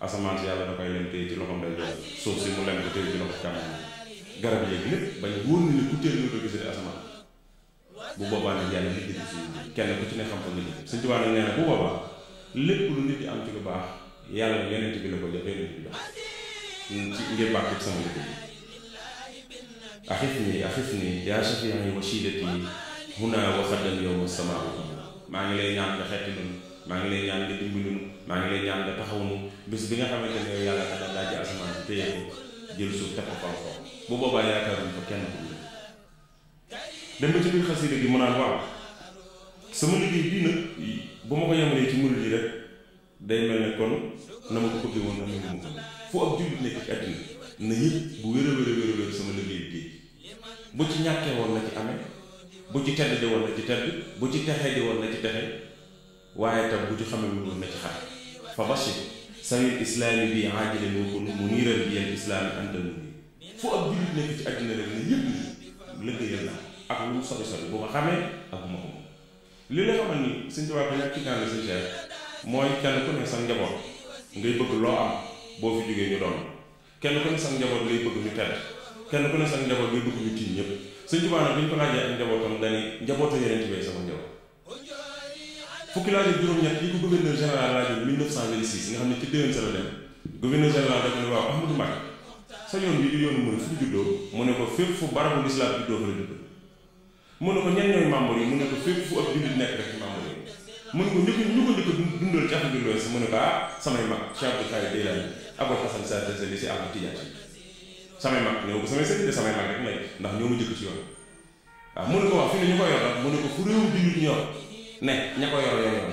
asamaan si yàlla mu lem ko téye ci loxo càmmoñ garab yeeg lépp bañ wóor ni ku téye ñu ko gisati asamaan bu boobaa nag yàlla di jënd si kenn ku ci ne xam-xam nga jëm Sëñ Tuubaa nag nee bu boobaa lépp lu nit am ci lu baax yàlla yonent bi la ko jox yonent bi jox ci ngir bàq bi maa ngi lay ñaan nga xetti nun maa ngi lay bi nga xamante ne bu boobaa dem ba ci biir xasida gi mu naan waaw sama liggéey bii nag bu ma ko yemalee ci murid yi rek day mel ne kon na ma ko bëggee woon na mu ko fu ab jullit nekk ci àddina na yëpp bu wér a wér a wér a wér sama liggéey bii bu ci ñàkkee woon na ci amee bu ci tedd di woon na ci tedd bu ci texee di woon na ci texe waaye tam bu ci xamewul woon na ci xam fa bashir sawil islaami bi aajilan wa mu niiral bi al islaami anta mu fu ab jullit nekk ci àddina rek na yëpp liggéeyal naa ak lu mu sori bu ma xamee ak bu ma ko li la xamal ni sëñ Tuubaa ko ñàkk ci gànn sëñ Cheikh mooy kenn ku ne sa njaboot ngay bëgg loo am boo fi jógee ñu doon kenn ku ne sa njaboot ngay bëgg ñu tedd kenn ku ne sa njaboot ngay bëgg ñu tiim ñëpp sëñ Tuubaa nag bi ñu ko laajee ak njabootam dani njabootu yeneen ci bay sama njaboot fukki laaj ak juróom-ñett yi ko gouverneur général laajoon 1926 nga xam ne ci sa la dem gouverneur général dafa waaw bi du yoonu ko mu ne ko ñenn ñooy membre yi mu ne ko fépp fu ab jullit nekk rek ci membre yi mu ne ko ñu ko ñu ko njëkk a dundal ci affaire bi loolu si mu ne ko ah samay mag Cheikh Abdou Khadre Dieylaani Abou Hassane Sall Sall si Ahmad Tidiane samay mag ñëw ko samay sëriñ de samay mag rek may ndax ñoo ma njëkk ci yoon waaw mu ne ko wax fi ne ñu ko yor nag mu ne ko fu réew jullit ñor ne ña ko yor yor yor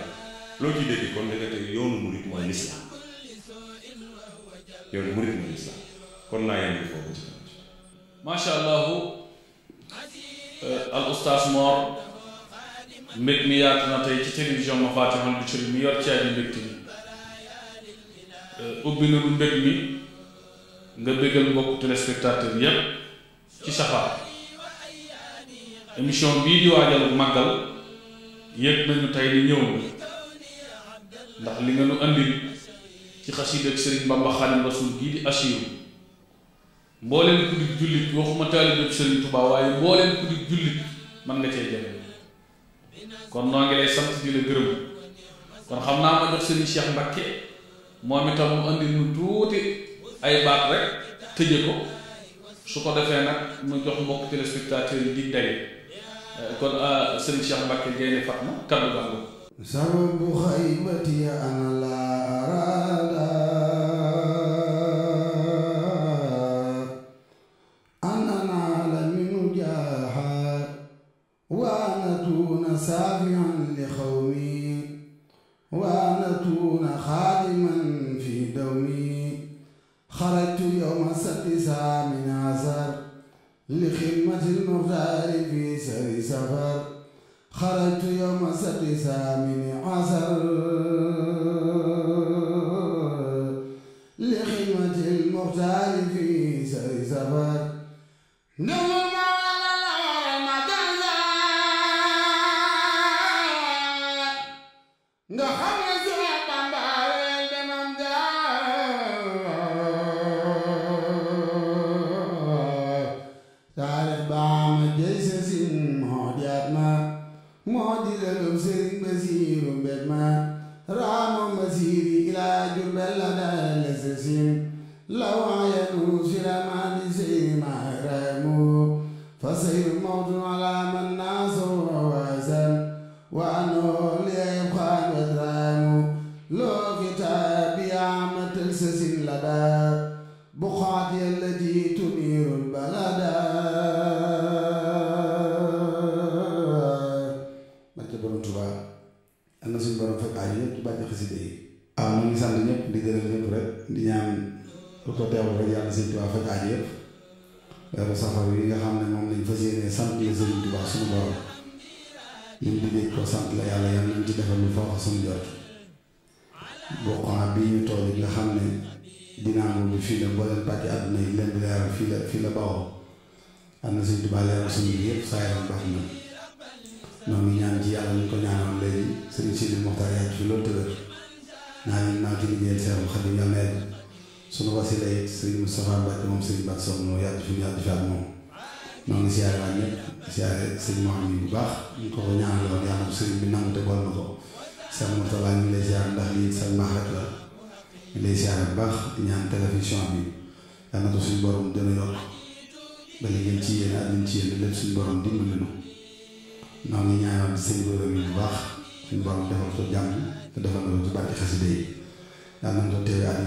loo ciy dégg kon ndekete yoonu murit mooy lislaam yoonu murit mooy lislaam kon
naa yem foofu ci macha allah Euh, al oustaz Mor mbég mi yaatu na tey ci télévision ma faatihul bichri mi yor caabi mbégte mi euh, ubbi na du mi nga bégal mbokk téléspectateur yépp ci safar émission bii di waajal màggal yëg nañu tey ni ñëw nga ndax li nga nu andil ci xasiid ak Sëriñ Bamba Xaadim Rasuul gii di asiiru mbooleem ku di jullit waxuma taalibe Sëriñ Tuubaa waaye mbooleem ku di jullit mën nga cee jëlee kon noo ngi lay sant di la gërëm kon xam naa ma jox Sëriñ Cheikh Mbacké moom itam mu andi nu tuuti ay baat rek tëje ko su ko defee nag mu jox mbokk téléspectateur yi di daye kon euh, Sëriñ Cheikh Mbacké Gaïndé Fatma kaddu baa ngoog.
xarajtu yawma sadi saamini asar yor ba la ngeen ci yéen ak ñu ci yéen lépp suñu borom dimbali nu noo ngi ñaanal seen borom yi bu baax suñu borom defal ko jàmm te defal na ko ci bàcc xasida yi yàlla nañ ko teewee at yu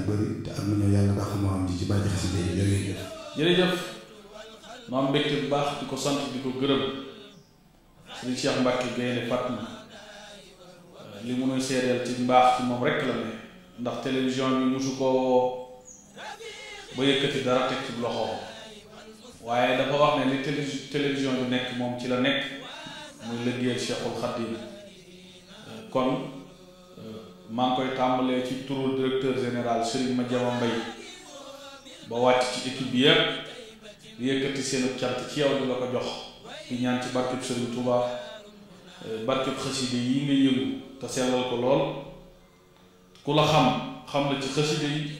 ci bàcc xasida yi
bu baax di ko sant di ko gërëm sëriñ Cheikh Mbacke Gaynde Fatma li mu nuy seedeel ci mbaax ci moom rek la ne ndax télévision bi mosu ko ba yëkkati dara teg ci waaye dafa wax ne li télé télévision yu nekk moom ci la nekk muy liggéeyal Cheikhul Khadim kon maa ngi koy tàmbalee ci turu directeur général Serigne Madiama Mbaye ba wàcc ci équipe bi yëpp yëkkati seenu cant ci yow di la ko jox di ñaan ci barkeb Serigne Touba barkeb xaside yi nga yëngu te sellal ko lool ku la xam xam la ci xaside yi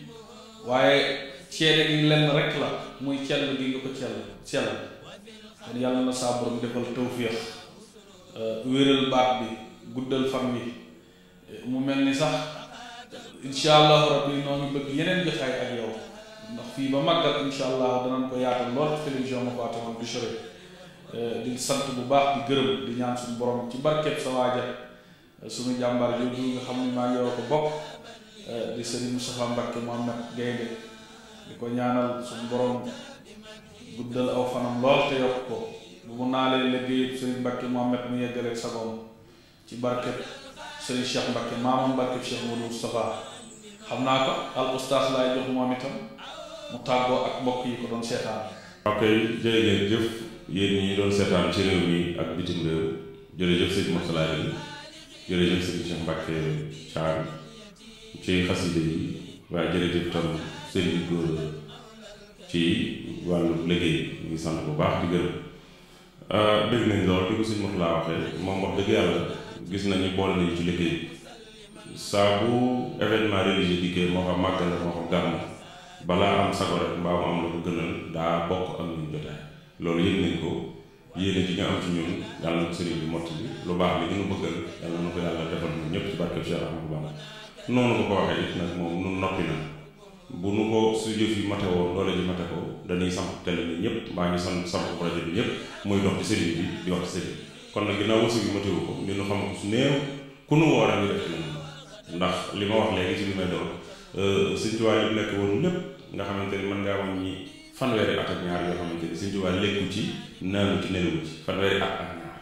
waaye seede gi lenn rek la muy cell gi nga ko cell sell kon yàlla na saa borom defal tawfiix euh, wéral baat bi guddal fan wi euh, mu mel ni sax insha allahu rabbi noo ngi bëgg yeneen jotaay ak yow ndax fii ba màggal insha allah danañ ko yaatal lool télévision ma ko atamam du sore di sant bu baax di gërëm di ñaan suñu borom ci barkeb sa waaja euh, suñu jàmbaar jooju nga xam ne maa ngi yow ko bokk di sëriñ Moustapha Mbacke Mohamed Gaynde ko ñaanal suñu borom guddal aw fanam lool te yokk ko bu mu naalee liggéey sëriñ Mbacke Mohamed mu yeggaleeg sagoom ci barkeb sëriñ Cheikh Mbacke maamam Mbacke Cheikh Modou Moustapha xam naa ko al oustaz laay jox moom itam mu tàggoo ak mbokk yi ko doon seetaan.
ok jërëjëf jëf yéen ñi doon seetaan ci réew mi ak bitim réew jërëjëf sëñ Mourtala yi jërëjëf sëñ Cheikh Mbacke Thiam ci xasida yi waaye tam sëriñ góor ci wàllu liggéey ñu ngi sant bu baax di gërëm ah, dégg nañ lool di ko sëñ Mourtala waxee moom wax dëgg yàlla gis nañu boole nañu ci liggéey saa bu événement religieux dikkee moo xam màggal moo xam gàmm balaa am sago rek mbaa mu am lu ko gënal daa bokk ak ñun jotaay loolu yëg nañ ko yéene ji nga am ci ñun yàlla sëriñ bi mott bi lu baax li ñu bëggal yàlla na ko yàlla defal ñun ñëpp ci barke Cheikh Ahmadou Bamba noonu ko ko waxee it nag moom nun bu nu ko su jëf yi mate woon doole ji mate ko dañuy samp tele bi dox ci sëriñ bi di wax sëriñ kon nag ginnaaw wërsëg yi matewu ko ñu nu xam ko su néew ku nu woo ngi def ci moom ndax li ma wax léegi ci li may doon euh, sëñ Tuubaa yi woon lépp nga xamante ni mën ngaa wàññi fanweeri at ak ñaar yoo xamante ni sëñ lekku ci naanu ci nelawu ci fanweeri at ak ñaar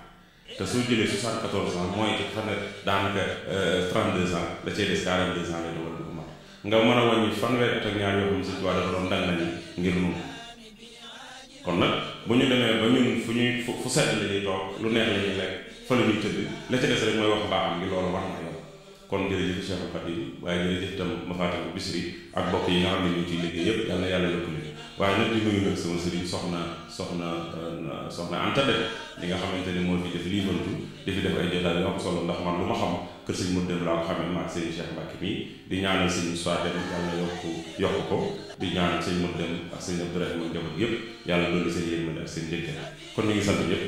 te soo jëlee soixante-quatorze ans mooy fanweer daanaka 32 euh, ans da cee des 42 ans lay doon nga mën a wàññi fanweeri at ak ñaar yoo xam ne Sëñ dafa doon dang nañu ngir nun kon nag bu ñu demee ba ñun fu ñuy fu sedd la ñuy lu neex la ñuy lekk fa la ñuy tëdd la ca des rek mooy wax baaxam ngi loolu waaye jërëjëf tam Mafaatihul Bichri ak bokk yi ñaar xam ñu ciy liggéey yëpp yal na yàlla lëkkale waaye nag di nuyu nag sama sëriñ soxna soxna soxna Anta Deme li nga xamante ni moo fi def lii bantu di fi def ay jotaay dina ko solo ndax man lu ma xam kër sëñ Modou Deme laa ko xamee maag sëñ Cheikh Mbacke mi di ñaanal sëñ Moussa Deme yàlla yokk yokk ko di ñaanal sëñ Modou Deme ak sëñ Abdourahmane ak njaboot yàlla loolu seen yërmande ak seen jëkkër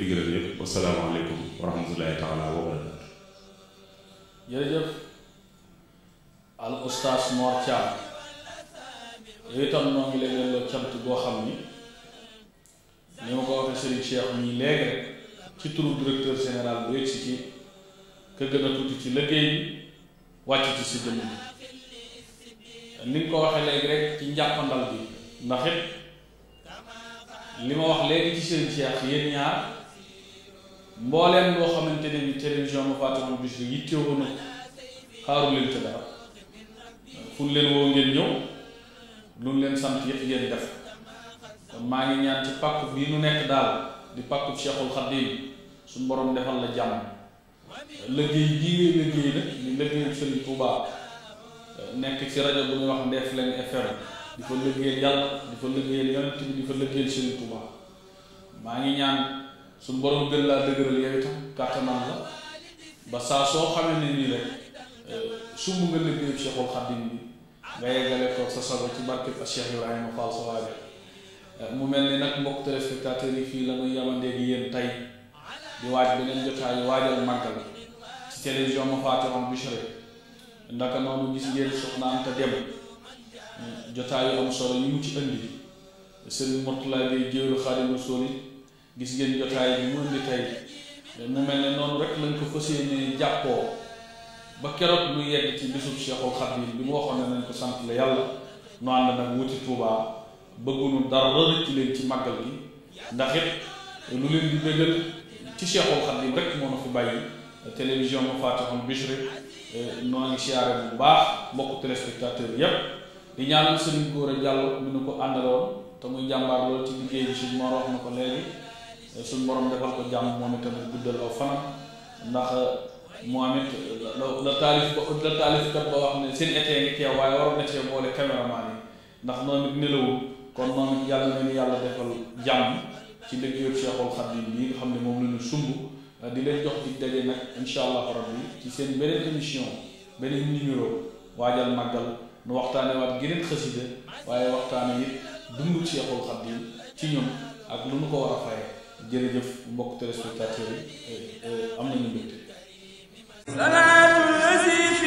di gërëm ñëpp
al oustaz Mor Thiam yooyu tam noo ngi lay delloo cant boo xam ni ni ma ko waxee sëriñ Cheikh ñii léegi ci turu directeur général bu yegsi ci ka gën a tuuti ci liggéey bi wàcc ci si dënn bi ni nga ko waxee léegi rek ci njàppandal bi ndax li ma wax léegi ci seen Cheikh yéen ñaar mbooleem loo xamante ne ni télévision ma fàttali bis bi yittewoon na xaaru leen ci dara fu leen woo ngeen ñëw lu leen sant yëpp ngeen def kon maa ngi ñaan ci pàkk bii nu nekk daal di pàkku Cheikhul Khadim suñu borom defal la jàmm. liggéey jii ngay liggéey nag ñu liggéeyal Serigne Touba nekk ci rajo bi ñuy wax Ndefleng FM di fa liggéeyal yàlla di fa liggéeyal yonent bi di fa liggéeyal Serigne Touba maa ngi ñaan su borom gën laa dëgëral yow itam la ba saa soo xamee ne nii rek eh, sumb nga liggéeyal Cheikhul Khadim bi nga yeggale ko sa sago ci barkeb Cheikh Ibrahima Fall sa waajo eh, mu mel ni nag mbokk téléspectateurs fii la muy yamandee gi yéen tey di waaj beneen jotaay waajal màggal ci télévision ma faatirom Bichri ndax noonu gis ngeen soxna Anta dem jotaayu am solo yi mu ci indi Sëriñ Murtala Gay jéeru Xaadimu Rasuul gis ngeen jotaay bi mu indi tey mu mel ne noonu rek lañ ko fas yéenee jàppoo ba keroog lu yegg ci bisub Seexul Xadiim bi mu waxoon ne nañ ko sant la yàlla nu ànd nag wuti Tuubaa bëggunu dara rëcc leen ci màggal gi ndax lu leen di bëggal ci Cheikhul Khadim rek moo na fi bàyyi télévision mu Fatihul Bichri euh, noo ngi siyaare bu baax mbokk téléspectateur yépp di ñaanal Serigne Gora Diallo mi nu ko àndaloon te muy jàmbaar loolu ci liggéey bi suñu mor wax na ko léegi euh, suñu borom defal ko jàmm moom itamit guddal aw fanam ndax euh, moom it la taalif ba la taalifkat ba wax ne seen été ngi teew waaye waroon na boole caméraman yi ndax noonu it nelawul kon noonu it yàlla na yàlla defal jàmm ci liggéeyu Cheikhul Khadim bii nga xam ne moom la ñu sumb euh, di leen jox di daje nag incha allah rabbi ci seen beneen émission beneen numéro waajal màggal nu waxtaane waat geneen xasida waaye waxtaane it dundu Cheikhul Khadim ci ñun ak lu nu ko war a faye jërëjëf mbokk téléspectateurs yi euh, euh, am nañu mbégte